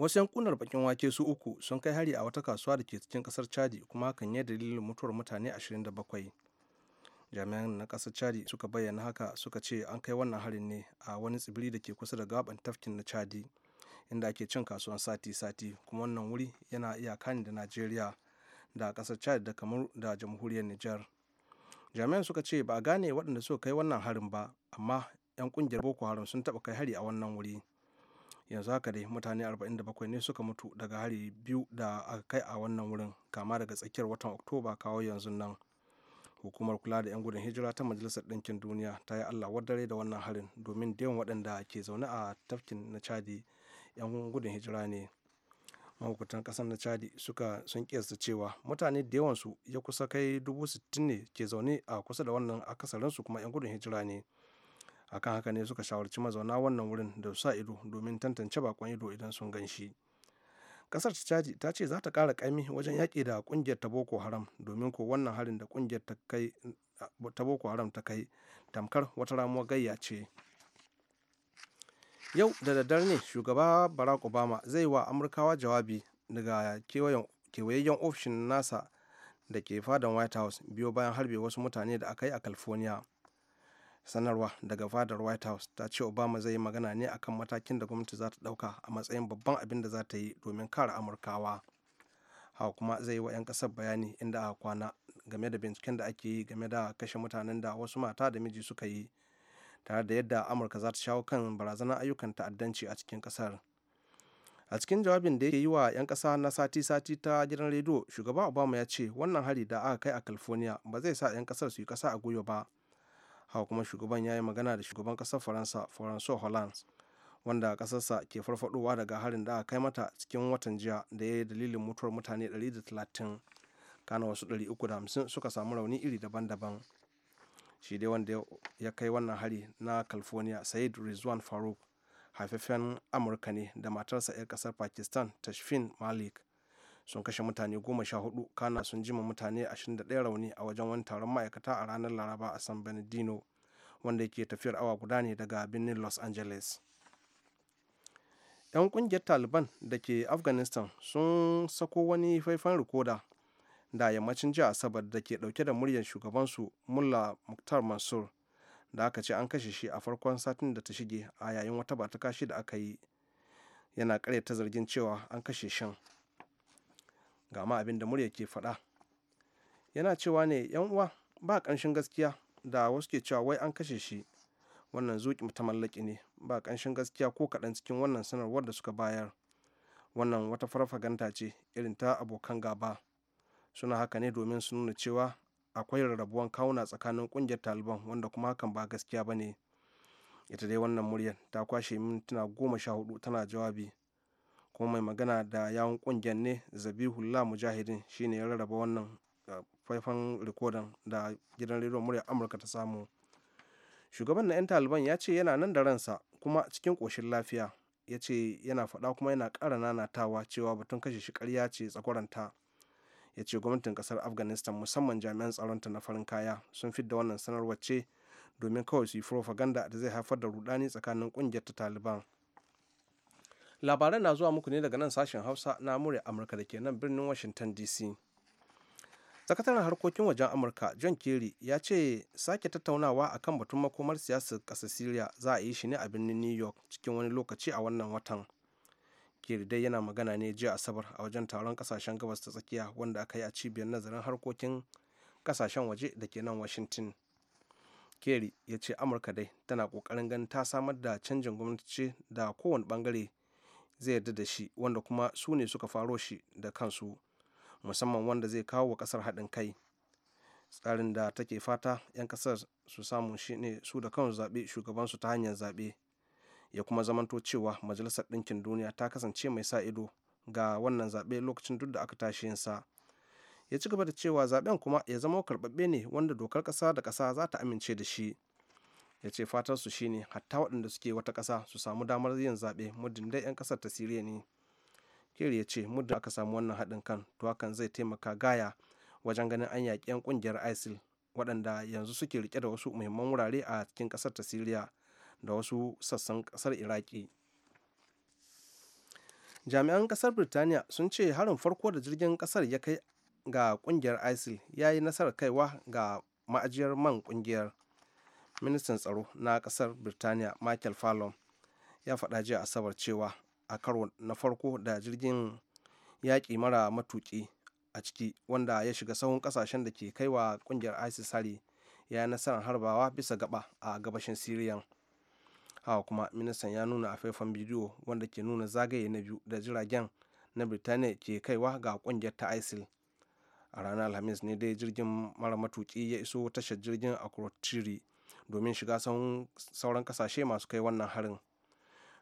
wasu yankunar bakin wake su uku sun kai hari a wata kasuwa da ke cikin kasar chadi kuma hakan ya dalilin mutuwar mutane 27 jami'an na kasar chadi suka bayyana haka suka ce an kai wannan harin ne a wani tsibiri da ke kusa da gaban tafkin na chadi inda ake cin kasuwan sati-sati kuma wannan wuri yana iyaka ne da najeriya da kasar chad da kamar da jamhuriyar niger jami'an suka ce ba a gane waɗanda suka kai wannan harin ba amma 'yan kungiyar boko haram sun taɓa kai hari a wannan wuri yanzu haka dai mutane 47 ne suka mutu daga hari biyu da aka kai a wannan wurin kama daga tsakiyar watan oktoba kawo yanzu nan hukumar kula da 'yan gudun hijira ta majalisar ɗinkin duniya ta yi allah wadare da wannan harin domin da waɗanda ke zaune a tafkin na chadi 'yan gudun hijira ne mahukuntan ƙasar na chadi suka sun kiyasta cewa mutane da yawansu ya kusa kai dubu sittin ne ke zaune a kusa da wannan akasarinsu kuma 'yan gudun hijira ne akan haka ne suka shawarci mazauna wannan wurin da su sa ido domin tantance bakon ido idan sun gan shi kasar caji ta ce za ta kara kaimi wajen yaƙi da kungiyar ta boko haram domin ko wannan harin da kungiyar ta boko haram ta kai tamkar wata ramuwar gayya ce yau da daddare ne shugaba barack obama zai wa amurkawa jawabi daga kewayayyen ofishin nasa da ke fadan white house biyo bayan harbe wasu mutane da aka yi a california sanarwa daga fadar white house ta ce obama zai yi magana ne akan matakin da gwamnati za ta ɗauka a matsayin babban abin da za ta yi domin kare amurkawa hawa kuma zai yi wa 'yan kasar bayani inda a kwana game da binciken da ake yi game da kashe mutanen da wasu mata da miji suka yi tare da yadda amurka za ta shawo kan barazanar ayyukan ta'addanci a cikin kasar a cikin jawabin da yake yi wa 'yan kasa na sati-sati ta gidan rediyo shugaba obama ya ce wannan hari da aka kai a california ba zai sa 'yan kasar su yi kasa a goyo ba haka kuma shugaban ya yi magana da shugaban ƙasar faransa françois hollande wanda ƙasarsa ke farfadowa daga harin da aka kai mata cikin watan jiya da ya yi dalilin mutuwar mutane 130 kana wasu 350 suka samu rauni iri daban-daban shi dai wanda ya kai wannan hari na california said rizwan faruk haifafen amurka ne da matarsa 'yar kasar pakistan tashfin malik sun kashe mutane goma sha hudu kana sun jima mutane ashirin da 21 rauni a wajen wani taron ma'aikata a ranar laraba a san benedino wanda yake tafiyar awa guda ne daga birnin los angeles 'yan kungiyar taliban da ke afghanistan sun sako wani faifan rikoda da yammacin jiya asabar da ke dauke da muryar shugabansu mullah muktar mansur da aka ce an kashe shi a farkon satin da ta shige a yayin wata batuka shi da aka yi yana ta zargin cewa an kashe shan ga ma abin da murya ke faɗa yana cewa ne yan uwa ba ƙanshin gaskiya da wasu ke cewa wai an kashe shi wannan zuƙi ta mallaki ne ba ƙanshin gaskiya ko kaɗan cikin wannan sanarwar da suka bayar wannan wata farfaganta ce irin ta abokan gaba suna haka ne domin su nuna cewa akwai rarrabuwan kawuna tsakanin ƙungiyar taliban wanda kuma hakan ba gaskiya ba ne ita dai wannan muryar ta kwashe mintuna goma sha hudu tana jawabi kuma mai magana da yawon kungiyar ne zabihullah mujahidin shine ya rarraba wannan ah, faifan rikodin da gidan rediyon murya amurka ta samu shugaban na 'yan taliban ya ce yana nan da ransa kuma cikin koshin lafiya ya ce yana faɗa kuma yana ƙara nanatawa cewa batun kashe shi ƙarya ce tsakwaranta ya ce gwamnatin ƙasar afghanistan musamman jami'an tsaronta na farin kaya sun fidda wannan sanarwar ce domin kawai su yi furofaganda da zai haifar da rudani tsakanin ƙungiyar ta taliban labaran na zuwa muku ne daga nan sashen hausa na murya amurka da ke nan birnin washington dc sakataren harkokin wajen amurka john kerry ya ce sake tattaunawa akan batun makomar siyasar kasa syria za a yi shi ne a birnin new york cikin wani lokaci a wannan watan kerry dai yana magana ne jiya asabar a wajen taron kasashen gabas ta tsakiya wanda aka yi a cibiyar nazarin harkokin kasashen waje da ke nan washington kerry ya ce amurka dai tana kokarin ganin ta samar da canjin gwamnati da kowane bangare zai yarda da shi wanda kuma su ne suka faro shi da kansu musamman wanda zai kawo wa kasar haɗin kai tsarin da take fata 'yan kasar su samu shi ne su da kansu zaɓe shugabansu ta hanyar zaɓe ya kuma zamanto cewa majalisar ɗinkin duniya ta kasance mai sa ido ga wannan zaɓe lokacin duk da aka tashi yinsa ya ci gaba da cewa zaɓen kuma ya zama karɓaɓɓe ne wanda dokar ƙasa da ƙasa za ta amince da shi ya ce su shine hatta waɗanda suke wata ƙasa su samu damar yin zaɓe muddin dai 'yan ƙasar ta siriya ne kiri ya ce muddin aka samu wannan haɗin kan to hakan zai taimaka gaya wajen ganin an yaƙi 'yan ƙungiyar isil waɗanda yanzu suke rike da wasu muhimman wurare a cikin ƙasar ta siriya da wasu sassan ƙasar iraki jami'an ƙasar birtaniya sun ce harin farko da jirgin ƙasar ya kai ga ƙungiyar isil ya yi nasarar kaiwa ga ma'ajiyar man ƙungiyar ministan tsaro na kasar birtaniya michael fallon ya faɗa jiya asabar cewa a karo na farko da jirgin yaƙi mara matuƙi a ciki wanda ya shiga sahun ƙasashen da ke kai wa ƙungiyar isis hari ya yi nasarar harbawa bisa gaba a gabashin siriyan hawa kuma ministan ya nuna a faifan bidiyo wanda ke nuna zagaye na biyu da jiragen na birtaniya ke kaiwa ga ƙungiyar ta isil a ranar alhamis ne dai jirgin mara matuƙi ya iso tashar jirgin akrotiri domin shiga sauran kasashe masu kai wannan harin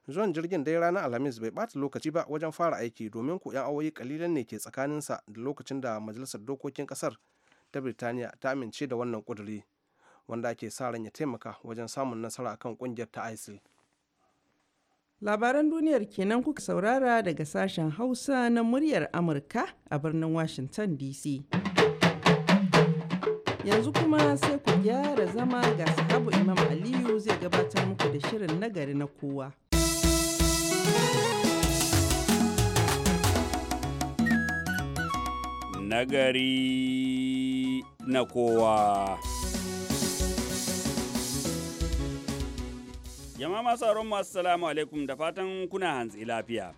zuwan jirgin dai ranar alhamis bai bata lokaci ba wajen fara aiki domin ku 'yan awoyi kalilan ne ke tsakaninsa da lokacin da majalisar dokokin kasar ta birtaniya ta amince da wannan kuduri wanda ake sa ran ya taimaka wajen samun nasara akan kungiyar ta isil labaran duniyar kenan kuka saurara daga sashen hausa na muryar amurka a birnin washington dc Yanzu kuma sai ku gyara zama ga sahabu Imam Aliyu zai gabatar muku da shirin nagari na kowa. Nagari na kowa. Jama'a masu masu salamu alaikum da fatan kuna hantsi lafiya.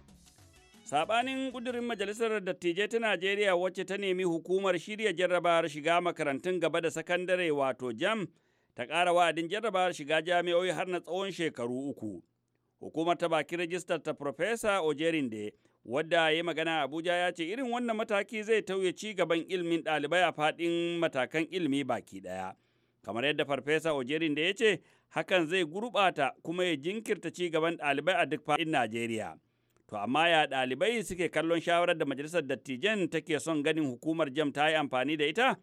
sabanin ƙudurin Majalisar Dattijai ta Najeriya wacce ta nemi hukumar shirya jarrabawar shiga makarantun gaba da sakandare wato jam ta ƙara wa'adin jarrabawar shiga jami'o'i har na tsawon shekaru uku. Hukumar ta baki rajistar ta Profesa Ojerinde wadda ya magana Abuja ya ce irin wannan mataki zai tauye ci gaban ilimin ɗalibai a faɗin matakan ilimi baki ɗaya. Kamar yadda Farfesa Ojerinde ya ce hakan zai gurɓata kuma ya jinkirta ci gaban ɗalibai a duk faɗin Najeriya. To amma ya ɗalibai suke kallon shawarar da majalisar dattijan take son ganin hukumar jam ta yi amfani da ita?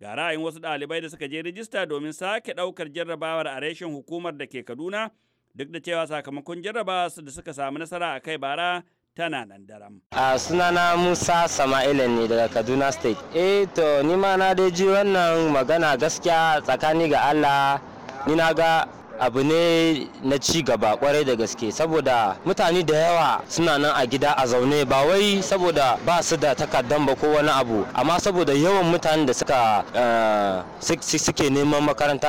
Ga ra'ayin wasu ɗalibai da suka je rijista domin sake ɗaukar jarrabawar a reshen hukumar da ke Kaduna duk da cewa sakamakon su da suka samu nasara a kai bara tana nan daram. A sunana Musa Sama'ila ne daga Kaduna State. Eh to ni ma na dai ji wannan magana gaskiya tsakani ga Allah ni na ga abu ne na ci gaba kwarai da gaske saboda mutane da yawa suna nan a gida a zaune ba wai saboda ba su da takardan ba ko wani abu amma saboda yawan mutane da suka eh, suke neman makaranta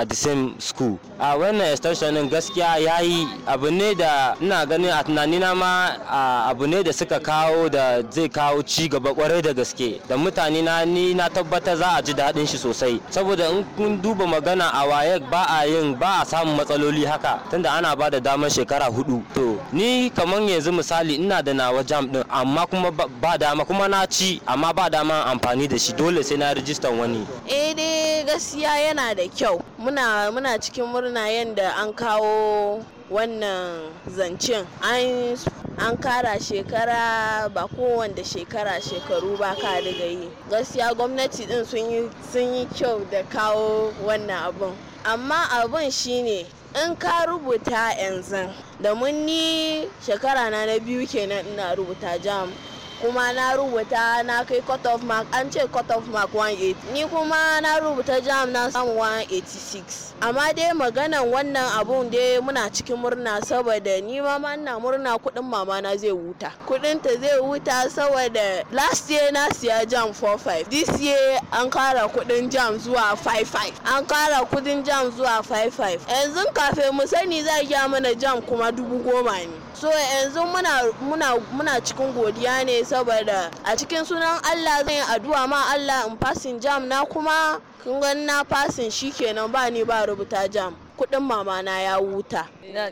a the same school a wannan extension din gaskiya yayi abu ne da ina ganin a tunanina ma abu ne da suka kawo da zai kawo ci gaba kwarai da gaske da mutane na ni na tabbata za a ji daɗin shi sosai saboda in kun duba magana a waye ba a yin ba a samun matsaloli haka tunda ana ba da damar shekara hudu to ni kamar yanzu misali ina da nawa jam din amma kuma ba dama kuma na ci amma ba dama amfani da shi dole sai na rijistan wani eh dai gaskiya yana da kyau muna muna cikin murna yadda an kawo wannan zancen an an kara shekara ba kowanda shekara shekaru ba ka daga yi gaskiya gwamnati din sun yi kyau da kawo wannan abun amma abun shine in ka rubuta yanzu da mun ni shekara na na biyu kenan ina rubuta jam kuma na rubuta na kai cut off mark an ce cut off mark 180 ni kuma na rubuta jam na samu 186 amma dai maganan wannan abun dai muna cikin murna saboda ni ma na murna kudin mama na zai wuta kudin ta zai wuta saboda last year na siya jam 45 this year an kara kudin jam zuwa 55 an kara kudin jam zuwa 55 yanzu kafin mu sani za a mana jam kuma dubu goma ne so yanzu muna cikin godiya ne saboda a cikin sunan Allah zan yi addu'a ma Allah in fasin jam na kuma kun gan na fasin kenan ba ni ba rubuta jam kudin mama na ya wuta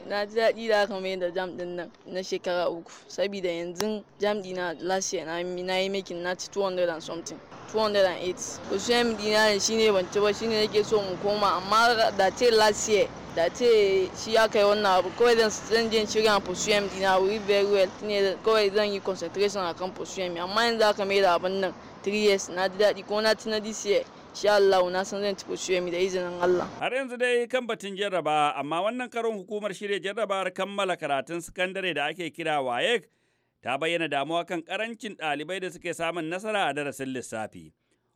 na ji daɗi da aka mai da jam din nan na shekara uku saboda yanzu jam dina last year na yi making na ci 200 and something 208 kusurin dina shine ban ci ba shine nake so mu koma amma da ce last year da ce shi ya kai wannan abu kawai zan zan je shirya din dina wuri very well ne kawai zan yi concentration akan pursuit amma yanzu aka mai da abin nan 3 years na ji daɗi ko na tuna this year insha Allah na san zan ci ciye mi da izinin Allah. Har yanzu dai kan batun jarraba amma wannan karon hukumar shirya jarrabawar kammala karatun sakandare da ake kira WAEC ta bayyana damuwa kan karancin ɗalibai da suke samun nasara a darasin lissafi.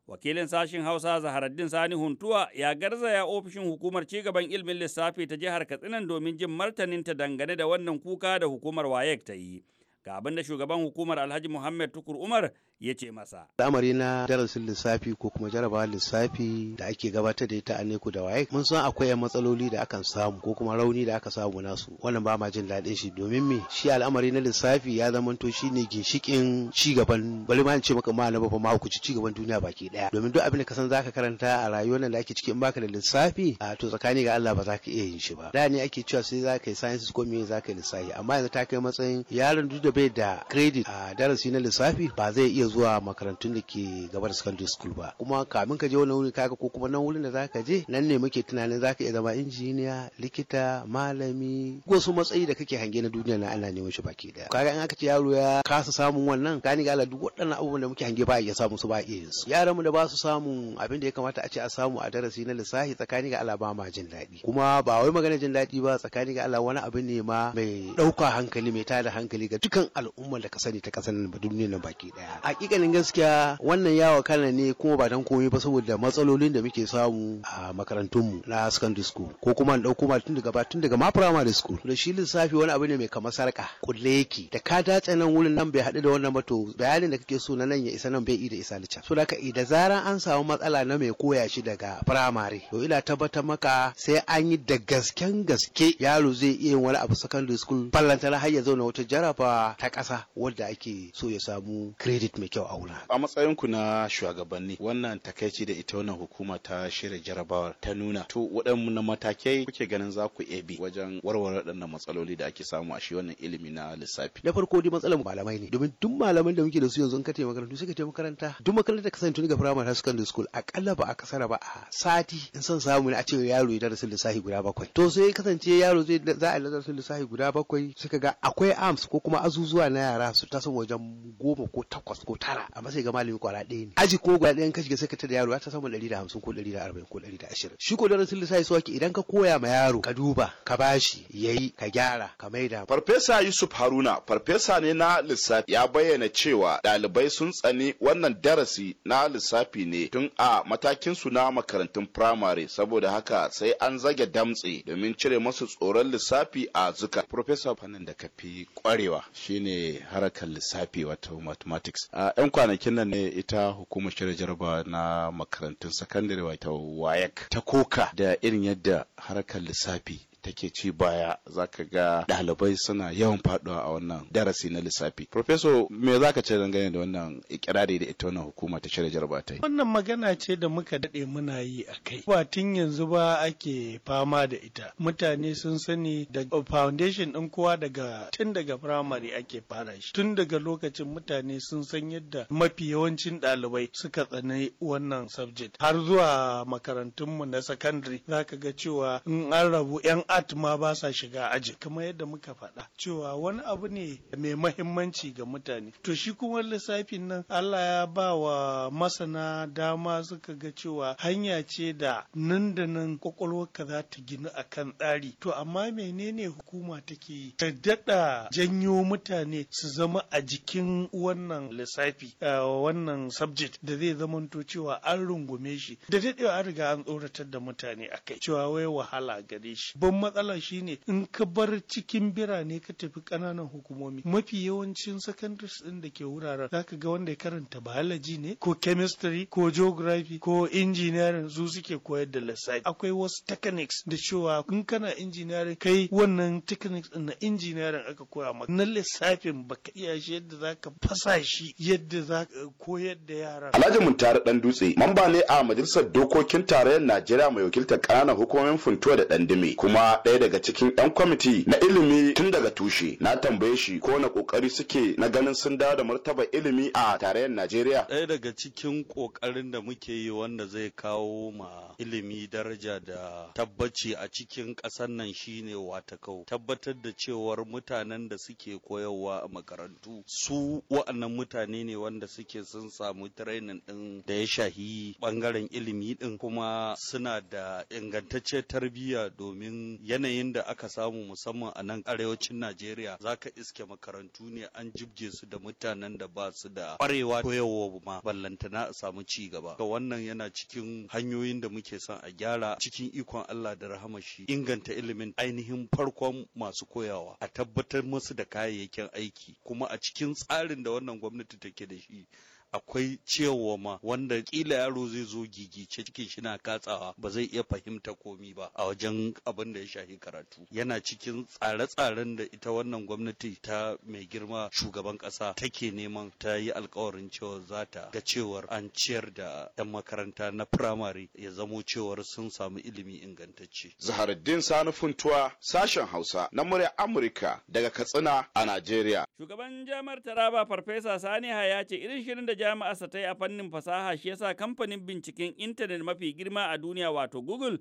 wakilin sashen hausa zaharaddin sani huntuwa ya garzaya ofishin hukumar cigaban ilimin lissafi ta jihar katsina domin jin martaninta dangane da wannan kuka da hukumar wayek ta yi ga abin da shugaban hukumar alhaji muhammad tukur umar ya ce masa al'amari na darasin lissafi ko kuma jarabawar lissafi da ake gabatar da ita a neku da waye mun san akwai yan matsaloli da akan samu ko kuma rauni da aka samu nasu wannan ba ma jin daɗin shi domin me shi al'amari na lissafi ya zama to shi ne ginshikin gaban bari ma ce maka ma na ci ci cigaban duniya baki daya domin duk abin da ka san zaka karanta a rayuwar nan da ake ciki in baka da lissafi a to tsakani ga Allah ba za ka iya yin shi ba da ne ake cewa sai za ka yi sciences ko me za ka yi lissafi amma yanzu ta kai matsayin yaron duk da wanda bai da credit a darasi na lissafi ba zai iya zuwa makarantun da ke gaba da secondary school ba kuma kamin ka je wani wuri kaga ko kuma nan wurin da zaka je nan ne muke tunanin zaka iya zama injiniya likita malami su matsayi da kake hange na duniya na Allah neman shi baki daya kaga in aka ce yaro ya kasa samun wannan gani ga Allah duk waɗannan abubuwan da muke hange ba iya samu su ba iya yin su yaran mu da ba su samun abin da ya kamata a ce a samu a darasi na lissafi tsakani ga Allah ba ma jin daɗi kuma ba wai magana jin daɗi ba tsakani ga Allah wani abu ne ma mai ɗauka hankali mai tada hankali ga dukkan kan al'ummar da ka sani ta kasar nan ba duniya nan baki daya hakikanin gaskiya wannan yawa kana ne kuma ba dan komai ba saboda matsalolin da muke samu a makarantun mu na secondary school ko kuma dauko ma tun daga ba tun daga ma primary school da shi lissafi wani abu ne mai kamar sarka kulle yake da ka dace nan wurin nan bai hadu da wannan ba to bayanin da kake so na nan ya isa nan bai da isa lica so da da zaran an samu matsala na mai koya shi daga primary to ila tabbatar maka sai an yi da gasken gaske yaro zai iya wani abu secondary school ballantana har ya zauna wata jarabawa ta ƙasa wadda ake so ya samu credit mai kyau a wurin. A matsayin ku na shugabanni wannan takaici da ita wannan hukuma ta shirya jarabawar ta nuna to waɗannan matakai kuke ganin za ku iya bi wajen warware waɗannan matsaloli da ake samu a shi wannan ilimi na lissafi. Na farko dai matsalar malamai ne domin duk malaman da muke da su yanzu in ka taimaka makarantu suka ka taimaka makaranta duk makarantar ka sani tun daga firamare har secondary school akalla ba a kasara ba a sati in san samu ne a ce yaro ya darasin lissafi guda bakwai. To sai kasance yaro zai za a darasin lissafi guda bakwai suka ga akwai arms ko kuma azu zuwa na yara su taso wajen goma ko takwas ko tara amma sai ga malami kwara ɗaya ne aji ko guda ɗayan ka shiga sai da yaro ya taso mu ɗari da hamsin ko ɗari da arba'in ko ɗari da ashirin shi ko sun lissafi su idan ka koya ma yaro ka duba ka bashi yayi ka gyara ka maida farfesa yusuf haruna farfesa ne na lissafi ya bayyana cewa ɗalibai sun tsani wannan darasi na lissafi ne tun a matakin su na makarantun firamare saboda haka sai an zage damtse domin cire masu tsoron lissafi a zuka farfesa fannin da ka fi kwarewa shine harakar lissafi wato mathematics a yan kwanakin nan ne ita hukumar shirya jarrabawa na makarantun sakandare wato wayak e ta koka da irin yadda harakar lissafi take ci baya za ka ga ɗalibai suna yawan faduwa a wannan darasi na lissafi Profeso me za ka ce dangane da wannan ikirari da ita wannan hukuma ta shirya jarbatai wannan magana ce da muka daɗe muna yi a kai ba tun yanzu ba ake fama da ita mutane sun sani da foundation ɗin kowa daga tun daga primary ake fara shi tun daga lokacin mutane sun san yadda mafi yawancin ɗalibai suka tsani wannan subject har zuwa makarantunmu na secondary za ka ga cewa in an rabu yan art ma ba sa shiga aji kamar yadda muka faɗa cewa wani abu ne mai mahimmanci ga mutane to shi kuma lissafin nan Allah ya ba wa masana dama suka ga cewa hanya ce da nan da nan kwakwalwarka za ta gina kan tsari to amma menene hukuma take yi ta daɗa janyo mutane su zama a jikin wannan lissafi wannan subject da zai zama to cewa an rungume shi da daɗewa an riga an tsoratar da mutane akai cewa wai wahala gare shi matsala shine in ka bar cikin birane ka tafi ƙananan hukumomi mafi yawancin secondaries ɗin da ke wuraren zaka ga wanda ya karanta biology ne ko chemistry ko geography ko engineering su suke koyar da lissafi akwai wasu techniques da cewa in kana engineering kai wannan techniques ɗin na engineering aka koya maka na lissafin baka iya shi yadda zaka fasa shi yadda za koyar da yara Alhaji Muntari Dan Dutse mamba ne a majalisar dokokin tarayyar Najeriya mai wakiltar ƙananan hukumomin Funtuwa da Dandime kuma ɗaya daga cikin 'yan kwamiti na ilimi tun daga tushe na tambaye shi ko na kokari suke na ganin sun dawo da martaba ilimi a tarayyar najeriya ɗaya daga cikin kokarin da muke yi wanda zai kawo ma ilimi daraja da tabbaci a cikin ƙasar nan shine watakau tabbatar da cewar mutanen da suke koyarwa a makarantu su wa'annan mutane ne wanda suke sun samu training ɗin da ya shahi ɓangaren ilimi ɗin kuma suna da ingantacciyar tarbiyya domin yanayin da aka samu musamman a nan arewacin Najeriya zaka iske makarantu ne an jibje su da mutanen da ba su da kwarewa koyarwa ma ballantana a samu ci gaba. Ga wannan yana cikin hanyoyin da muke son a gyara cikin ikon Allah da rahama shi inganta ilimin ainihin farkon masu koyawa a tabbatar musu da kayayyakin aiki kuma a cikin tsarin da wannan gwamnati take da shi akwai cewa ma wanda kila yaro zai zo gigice cikin shi na katsawa ba zai iya fahimta komi ba a wajen abin da ya shafi karatu yana cikin tsare-tsaren da ita wannan gwamnati ta mai girma shugaban kasa take neman ta yi alkawarin cewa za ta ga cewar an ciyar da 'yan makaranta na firamare ya zamo cewar sun samu ilimi ingantacce. Zaharuddin Sani Funtuwa sashen Hausa na murya Amurka daga Katsina a Najeriya. Shugaban jamar Taraba Farfesa Sani Haya ce irin shirin da jami'arsa ta yi a fannin fasaha shi yasa kamfanin binciken intanet mafi girma a duniya wato Google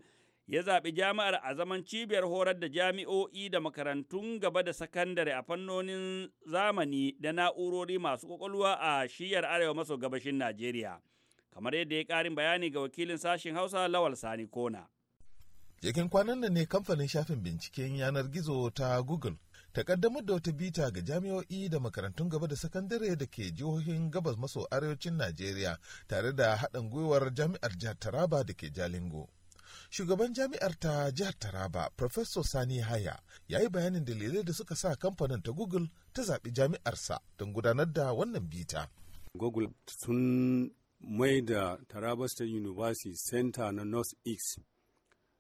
ya zaɓi jami'ar a zaman cibiyar horar da jami'o'i da makarantun gaba da sakandare a fannonin zamani da na'urori masu ƙwaƙwalwa a shiyar arewa maso gabashin Najeriya. Kamar yadda ya ƙarin bayani ga wakilin sashen Hausa Lawal Sani Kona. Cikin kwanan nan ne kamfanin shafin binciken yanar gizo ta Google ta kaddamar da wata bita ga jami'o'i da makarantun gaba da sakandare da ke jihohin gabas maso arewacin Najeriya tare da haɗin gwiwar jami'ar jihar Taraba da ke Jalingo. Shugaban jami'ar ta jihar Taraba, Professor Sani Haya, ya yi bayanin dalilai da suka sa kamfanin ta Google ta zaɓi jami'arsa don gudanar da wannan bita. Google sun mai da Taraba State University Center na North East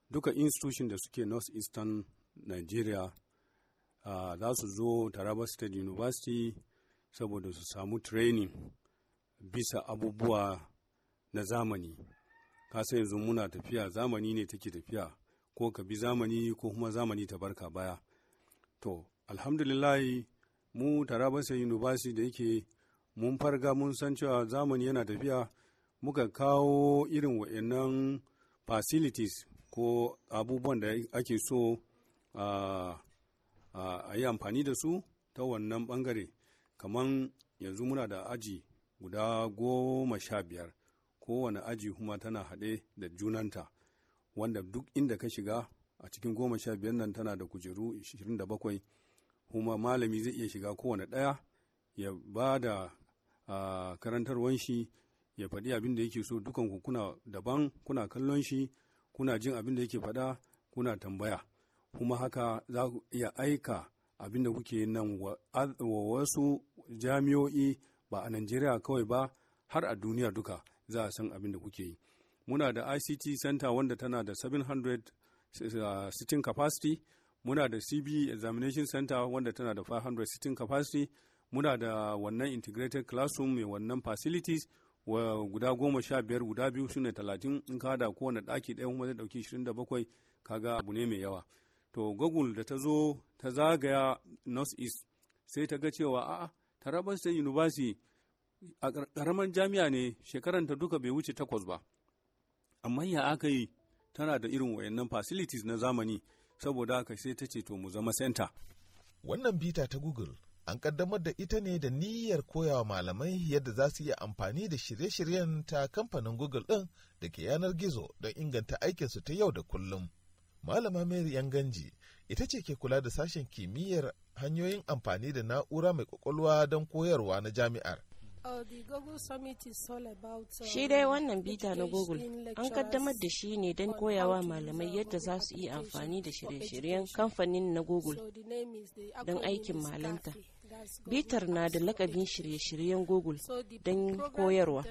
duka institution da suke North Eastern Nigeria za su zo taraba state university saboda su samu training bisa abubuwa na zamani kasa yanzu muna tafiya zamani ne take tafiya ko ka bi zamani ko kuma zamani ta barka baya to alhamdulillahi mu taraba state university da yake mun farga mun san cewa zamani yana tafiya muka kawo irin wa'annan facilities ko abubuwan da ake so a yi amfani da su ta wannan bangare kamar yanzu muna da aji guda goma sha biyar kowane aji kuma tana haɗe da junanta wanda duk inda ka shiga a cikin goma sha biyar nan tana da kujeru 27 kuma malami zai iya shiga kowane ɗaya ya ba da karantarwan shi ya faɗi abin da yake so dukan ku kuna daban kuna kallon shi kuna jin abin da yake faɗa kuna tambaya kuma haka za ku iya aika abin da kuke nan wa wasu jami'o'i ba a Najeriya kawai ba har a duniya duka za a san abin da kuke yi. Muna da ICT Center wanda tana da 700 uh, sitting capacity, muna da CB Examination Center wanda tana da 500 sitting capacity, muna da wannan integrated classroom mai wannan facilities wa guda goma sha biyar guda biyu shine talatin in ka da kowane ɗaki ɗaya kuma zai ɗauki 27 da bakwai kaga abu ne mai yawa. to google da ta zo ta zagaya north east sai ta ga cewa a'a taraba state university a karamar jami'a ne shekaranta duka bai wuce takwas ba amma ya aka yi tana da irin wayannan facilities na zamani saboda haka sai ta ce to mu zama center wannan bita ta google an kaddamar da ita ne da niyyar koyawa malamai yadda za su iya amfani da shirye-shiryen ta kamfanin google din da ke yanar gizo don inganta aikinsu ta yau da kullum Malama Mary Yanganji ita ce ke kula da sashen kimiyyar hanyoyin amfani da na'ura mai kwakwalwa don koyarwa na jami'ar. Uh, uh, shi dai wannan bita na Google an kaddamar da shi ne don koyawa malamai yadda za su yi amfani da shirye-shiryen kamfanin na Google don aikin malanta. Bitar na da lakabin shirye-shiryen Google don koyarwa.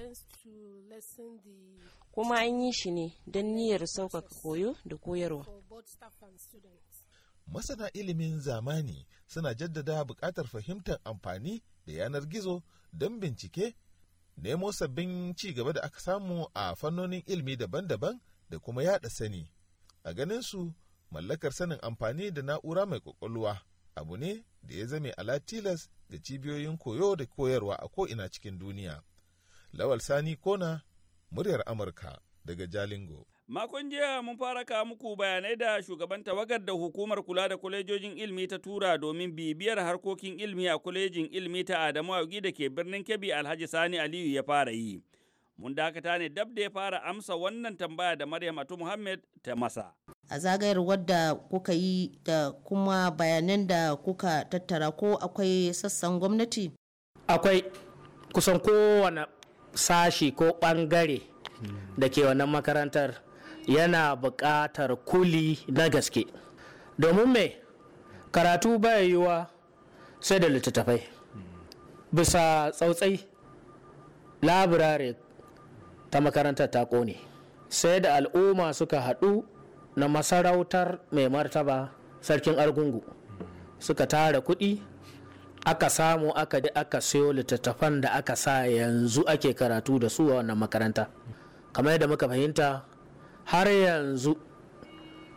Kuma an yi shi ne don niyyar sauƙaƙa koyo da koyarwa. both staff and students. Masana ilimin zamani suna jaddada buƙatar fahimtar amfani da yanar gizo don bincike, nemo sabbin ci gaba da aka samu a fannonin ilimi daban-daban da kuma yada sani. A ganin su, mallakar sanin amfani da na'ura mai ƙwaƙwalwa abu ne da ya zame ala tilas da cibiyoyin koyo da koyarwa a ko'ina cikin duniya. Lawal Sani Kona, muryar Amurka daga Jalingo. Makon jiya mun fara kawo muku bayanai da shugaban tawagar da hukumar kula da kwalejojin ilmi ta tura domin bibiyar harkokin ilmi a kwalejin ilmi ta Adamu Augi da ke birnin Kebbi Alhaji Sani Aliyu ya fara yi. Mun dakata ne dab da ya fara amsa wannan tambaya da Maryam Atu Muhammad ta masa. A zagayar wadda kuka yi da kuma bayanan da kuka tattara ko akwai sassan gwamnati? Akwai kusan kowane sashi ko ɓangare da ke wannan makarantar. yana buƙatar kuli na gaske domin me karatu baya yiwa sai da littattafai bisa tsautsai labirare ta makarantar ta ƙone sai da al'umma suka haɗu na masarautar mai martaba sarkin argungu suka tara kuɗi aka samu aka aka sayo littattafan da aka sa yanzu ake karatu da su a wannan makaranta kamar yadda muka fahimta har yanzu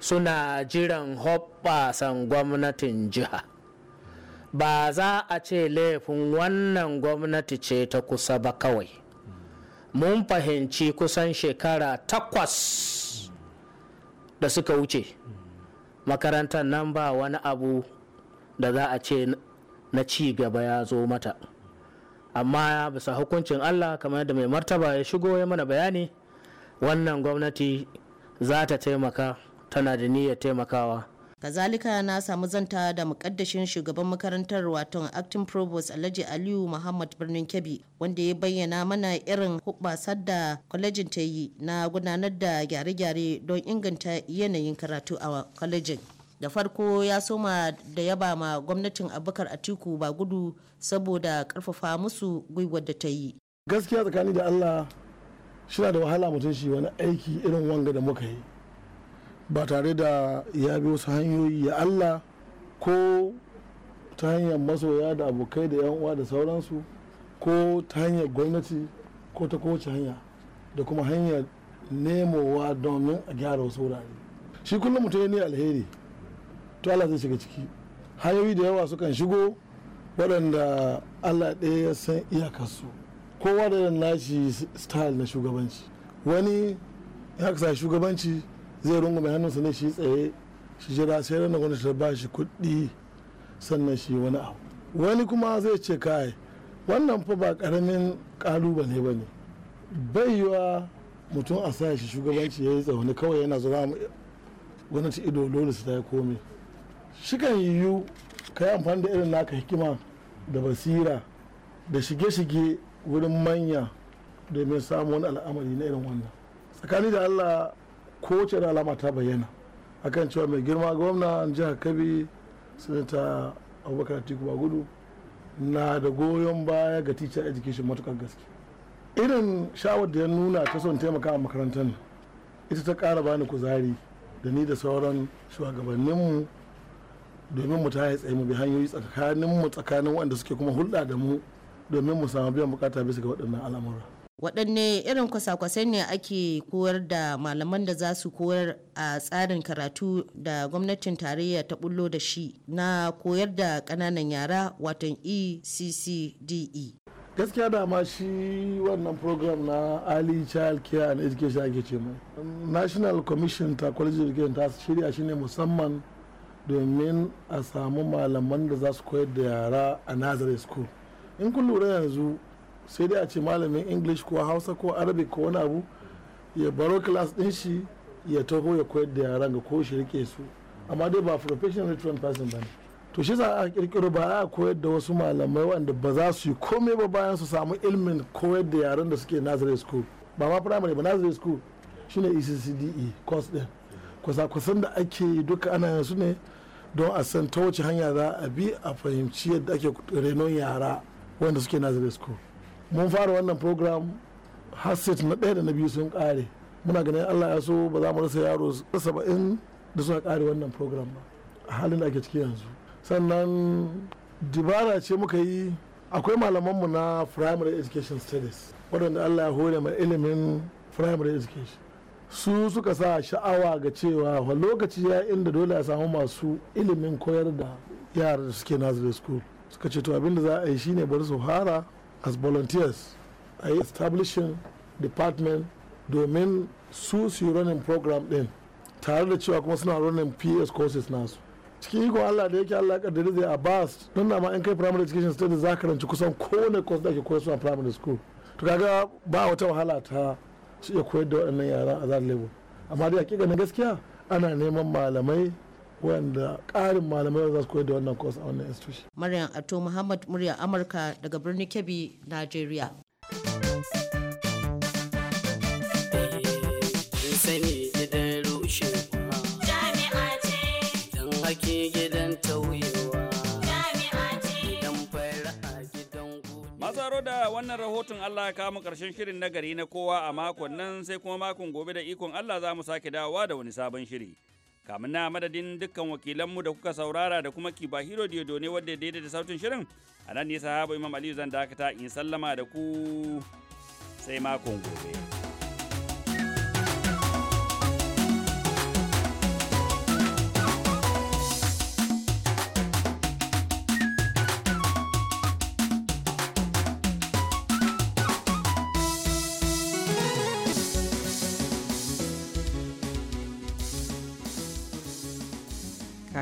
suna jiran hoɓɓasan gwamnatin jiha ba za a ce laifin wannan gwamnati ce ta kusa ba kawai mun fahimci kusan shekara takwas da suka wuce makarantar nan ba wani abu da za a ce na ci gaba ya zo mata amma bisa hukuncin allah kamar yadda mai martaba ya shigo ya mana bayani wannan gwamnati za ta taimaka tana da niyyar taimakawa kazalika na samu zanta da mukaddashin shugaban makarantar wato acting provost alhaji aliyu muhammad birnin kebbi wanda ya bayyana mana irin hubbasar da kwalejin ta yi na gudanar da gyare-gyare don inganta yanayin karatu a kwalejin da farko ya soma da yaba ma gwamnatin abubakar atiku ba gudu saboda karfafa musu gwiwar da ta yi gaskiya tsakani da allah suna da wahala mutum shi wani aiki irin wanga da muka yi ba tare da ya bi wasu hanyoyi ya Allah ko ta hanyar masoya da abokai da yan uwa da sauransu ko ta hanyar gwamnati ko ta kowace hanya da kuma hanyar nemowa domin a gyara wasu wurare shi kullum mutum ya ne alheri to Allah zai shiga ciki hanyoyi da yawa sukan shigo waɗanda Allah ɗaya ya san iyakarsu kowa da nashi style na shugabanci wani ya kasa shugabanci zai rungume hannunsa ne shi tsaye shi jira sai rana gwamnati ta ba shi kuɗi sannan shi wani abu wani kuma zai ce kai wannan fa ba karamin kalubale ba ne baiwa mutum a sa shi shugabanci ya yi tsawoni kawai yana wani gwamnati ido dole su ta yi komi shi kan yiwu ka yi amfani da irin naka hikima da basira da shige-shige wurin manya domin samun wani al'amari na irin wannan tsakani da allah kowace da alama ta bayyana akan cewa mai girma gwamna jihar kabi sanata abubakar tiku gudu na da goyon baya ga teacher education matukar gaske irin shawar da ya nuna ta son taimaka a makarantar ita ta kara bani kuzari da ni da sauran shugabanninmu domin mu ta tsaye mu bi hanyoyi tsakaninmu tsakanin wanda suke kuma hulɗa da mu domin mu samu biyan bukata bisa ga waɗannan al'amura waɗanne irin kwasa-kwasai ne ake koyar da malaman da za su koyar a tsarin karatu da gwamnatin tarayya ta bullo da shi na koyar da ƙananan yara watan eccde e? gaskiya da ma shi wannan program na early child care and education ake ce mai national commission ta college education ta shirya shi ne musamman domin a samu malaman da za su koyar da yara a nazare school in kun lura yanzu sai dai a ce malamin english ko hausa ko arabic ko wani abu ya baro class din shi ya taho ya koyar da yaran ga ko shi rike su amma dai ba professional ritual person bane to shi za a kirkiro ba a koyar da wasu malamai wanda ba za su yi komai ba bayan su samu ilmin koyar da yaran da suke nazare school ba ma primary ba nazare school shine ECCDE e course din kwasa-kwasan da ake yi duka ana yanzu ne don a san ta wace hanya za a bi a fahimci yadda ake renon yara wanda suke nazare school mun fara wannan program hasset na ɗaya da na biyu sun kare muna ganin allah ya so ba za mu rasa yaro saba'in da suna kare wannan program ba a halin da ake ciki yanzu sannan dibara ce muka yi akwai malamanmu na primary education studies waɗanda allah ya hore mai ilimin primary education su suka sa sha'awa ga cewa wa lokaci ya inda dole a samu masu ilimin koyar da yara da suke nazare school suka ce to da za a yi shine bari su fara as volunteers a yi establishing department domin su su running program din tare da cewa kuma suna running ps courses nasu cikin iko allah da yake allah kaddare zai a bas don na ma in kai primary education studies za ka ranci kusan kowane course da ake koyarwa a primary school to kaga ba wata wahala ta su iya koyar da waɗannan yara a zan level amma dai hakika na gaskiya ana neman malamai wanda karin malamai za su koyar da wannan kwas a wannan institution. Maryam Ato Muhammad murya Amurka daga birnin Kebbi, Najeriya. da wannan rahoton Allah ya kama karshen shirin na gari na kowa a makon nan sai kuma makon gobe da ikon Allah za mu sake dawowa da wani sabon shiri. kamun na madadin dukkan wakilanmu da kuka saurara da kuma kiba hero diodo ne wadda daidai da sautin shirin a nan ne sahaba imam aliyu zan dakata in sallama da ku sai makon gobe.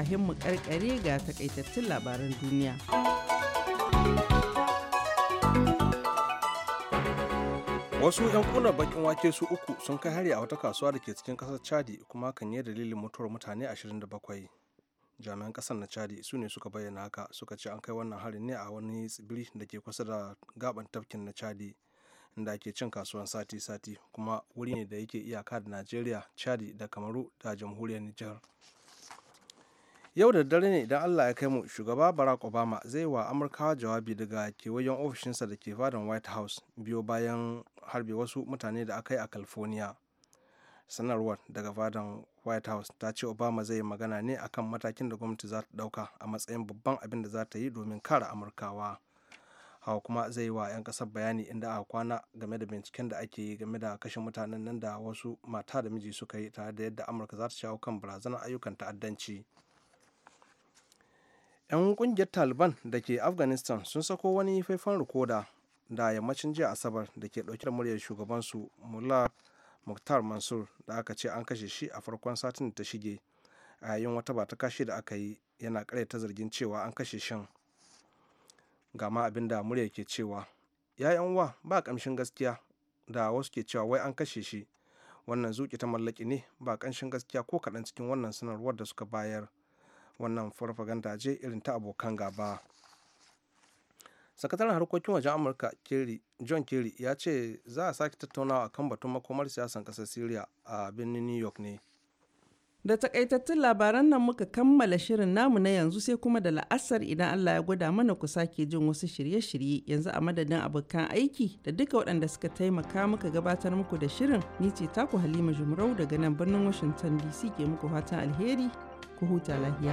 kahin mu karkare ga takaitattun labaran duniya. wasu 'yan kuna bakin wake su uku sun kai hari a wata kasuwa da ke cikin kasar chadi kuma kan yi dalilin mutuwar mutane 27 jami'an kasar na chadi su ne suka bayyana haka suka ce an kai wannan harin ne a wani tsibiri da ke kusa da gaban tafkin na chadi inda ake cin kasuwan sati-sati kuma wuri ne da yake iyaka da najeriya chadi da kamaru da jamhuriyar nijar yau da dare ne idan allah ya kai mu shugaba barack obama zai wa amurkawa jawabi daga kewayen ofishinsa da ke fadan white house biyo bayan harbe wasu mutane da aka yi a california sanarwar daga fadan white house ta ce obama zai yi magana ne akan matakin da gwamnati za ta dauka a matsayin babban abin da za ta yi domin kare amurkawa hawa kuma zai yi wa 'yan kasar bayani inda a kwana game da binciken da ake yi game da kashe mutanen nan da wasu mata da miji suka yi tare da yadda amurka za ta shawo kan barazanar ayyukan ta'addanci 'yan kungiyar taliban da ke afghanistan sun sako wani faifan rikoda da yammacin jiya asabar da ke ɗauke da muryar shugabansu mullah muktar mansur da aka ce an kashe shi a farkon satin da ta shige a yayin wata ba ta kashe da aka yi yana ta zargin cewa an kashe shan gama abin da murya ke cewa ‘ya'yan wa ba kamshin gaskiya da wasu ke cewa wai an kashe shi wannan zuƙi ta mallaki ne ba kamshin gaskiya ko kaɗan cikin wannan sanarwar da suka bayar wannan farfaganda ce irin ta abokan gaba sakataren harkokin wajen amurka john kerry ya ce za a sake tattaunawa kan batun makomar siyasan kasar syria a birnin new york ne Da takaitattun labaran nan muka kammala shirin namu na yanzu sai kuma da la'asar idan Allah ya gwada mana ku sake jin wasu shirye-shirye yanzu a madadin abokan aiki da duka waɗanda suka taimaka muka gabatar muku da shirin ni ce taku Halima Jumrau daga nan birnin Washington DC ke muku fatan alheri กูฮูจาละเฮีย